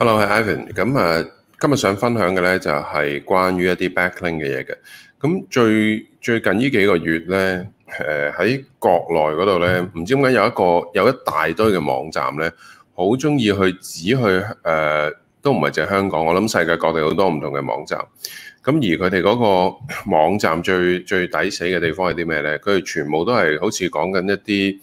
Hello，係 Evan。咁啊，今日想分享嘅咧就係關於一啲 backlink 嘅嘢嘅。咁最最近呢幾個月咧，誒喺國內嗰度咧，唔知點解有一個有一大堆嘅網站咧，好中意去指去誒、呃，都唔係淨係香港，我諗世界各地好多唔同嘅網站。咁而佢哋嗰個網站最最抵死嘅地方係啲咩咧？佢哋全部都係好似講緊一啲誒、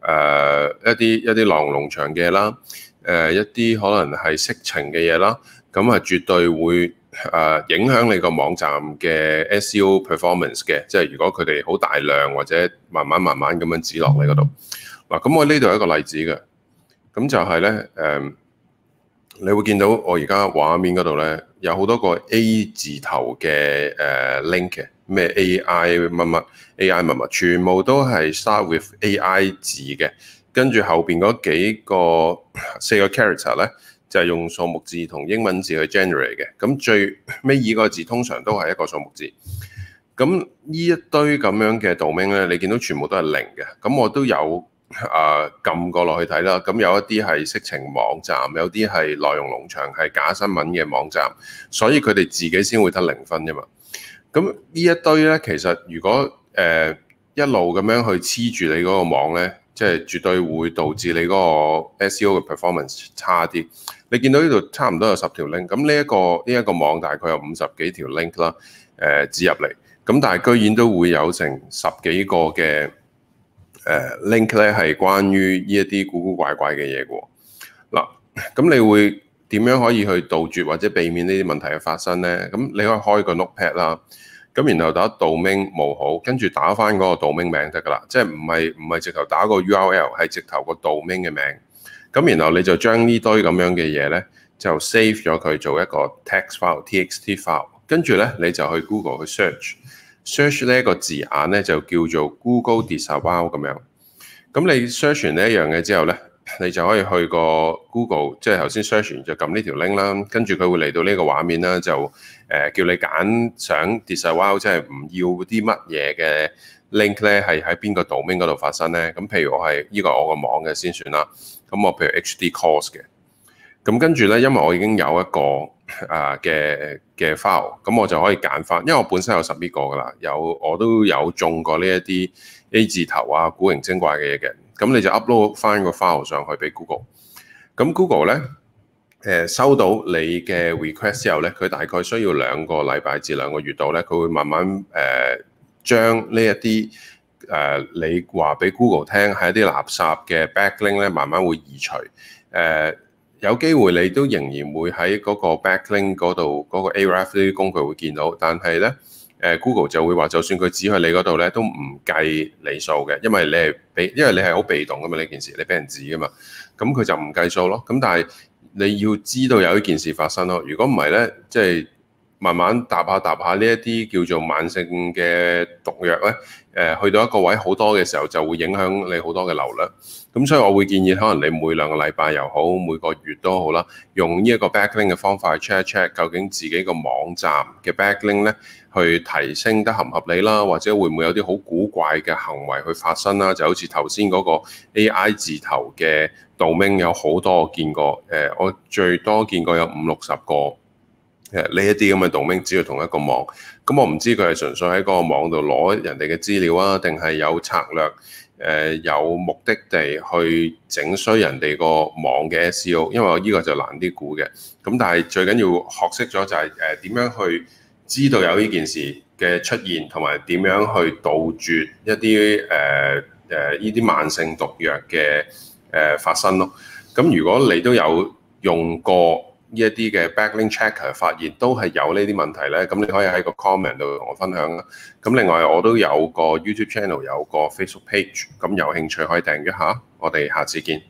呃、一啲一啲狼農場嘅啦。誒、呃、一啲可能係色情嘅嘢啦，咁啊絕對會誒、呃、影響你個網站嘅 SEO performance 嘅，即係如果佢哋好大量或者慢慢慢慢咁、啊、樣指落你嗰度，嗱，咁我呢度有一個例子嘅，咁就係咧誒，你會見到我而家畫面嗰度咧有好多個 A 字頭嘅誒、呃、link 嘅，咩 AI 乜乜 AI 乜乜，全部都係 start with AI 字嘅。跟住後邊嗰幾個四個 character 咧，就係、是、用數目字同英文字去 generate 嘅。咁最尾二個字通常都係一個數目字。咁呢一堆咁樣嘅 domain 咧，你見到全部都係零嘅。咁我都有啊撳、呃、過落去睇啦。咁有一啲係色情網站，有啲係內容農場，係假新聞嘅網站。所以佢哋自己先會得零分啫嘛。咁呢一堆咧，其實如果誒、呃、一路咁樣去黐住你嗰個網咧。即係絕對會導致你嗰個 SEO 嘅 performance 差啲。你見到呢度差唔多有十條 link，咁呢一個呢一個網大概有五十幾條 link 啦，誒、呃，置入嚟。咁但係居然都會有成十幾個嘅誒、呃、link 咧，係關於呢一啲古古怪怪嘅嘢嘅喎。嗱，咁你會點樣可以去杜絕或者避免呢啲問題嘅發生咧？咁你可以開個 notepad 啦。咁然後打 domain 冇好，跟住打翻嗰個 domain 名得噶啦，即係唔係唔係直頭打個 URL，係直頭個 domain 嘅名。咁然後你就將呢堆咁樣嘅嘢咧，就 save 咗佢做一個 text file、txt file。跟住咧，你就去 Google 去 search，search 呢 se 一個字眼咧就叫做 Google Disavow 咁樣。咁你 search 完呢一樣嘢之後咧。你就可以去個 Google，即係頭先 search 完就撳呢條 link 啦，跟住佢會嚟到呢個畫面啦，就誒叫你揀想 disavow 即係唔要啲乜嘢嘅 link 咧，係喺邊個 domain 嗰度發生咧？咁譬如我係呢個我個網嘅先算啦，咁我譬如 HD course 嘅，咁跟住咧，因為我已經有一個，啊嘅嘅 file，咁我就可以揀翻，因為我本身有十呢個㗎啦，有我都有中過呢一啲 A 字頭啊、古靈精怪嘅嘢嘅，咁你就 upload 翻個 file 上去俾 Google，咁 Google 咧誒、呃、收到你嘅 request 之後咧，佢大概需要兩個禮拜至兩個月度咧，佢會慢慢誒、呃、將呢一啲誒你話俾 Google 聽，係一啲垃圾嘅 backlink 咧，慢慢會移除誒。呃有機會你都仍然會喺嗰個 backlink 嗰度嗰、那個 Ahref 呢啲工具會見到，但係呢、呃、Google 就會話，就算佢指喺你嗰度呢，都唔計你數嘅，因為你係被因為你係好被動㗎嘛呢件事，你俾人指㗎嘛，咁、嗯、佢就唔計數咯。咁但係你要知道有呢件事發生咯。如果唔係呢，即係。慢慢搭下搭下呢一啲叫做慢性嘅毒藥咧，誒、呃、去到一個位好多嘅時候就會影響你好多嘅流量。咁所以我會建議可能你每兩個禮拜又好，每個月都好啦，用呢一個 backlink 嘅方法去 check check，究竟自己個網站嘅 backlink 咧去提升得合唔合理啦，或者會唔會有啲好古怪嘅行為去發生啦、啊？就好似頭先嗰個 AI 字頭嘅 domain 有好多我見過，誒、呃、我最多見過有五六十個。呢一啲咁嘅 domain 只要同一個網，咁我唔知佢係純粹喺嗰個網度攞人哋嘅資料啊，定係有策略，誒、呃、有目的地去整衰人哋個網嘅 SEO，因為我呢個就難啲估嘅。咁但係最緊要學識咗就係誒點樣去知道有呢件事嘅出現，同埋點樣去杜絕一啲誒誒呢啲慢性毒藥嘅誒、呃、發生咯、啊。咁如果你都有用過，呢一啲嘅 Backlink Checker 發現都係有呢啲問題呢，咁你可以喺個 comment 度同我分享啦。咁另外我都有個 YouTube Channel，有個 Facebook Page，咁有興趣可以訂閱一下。我哋下次見。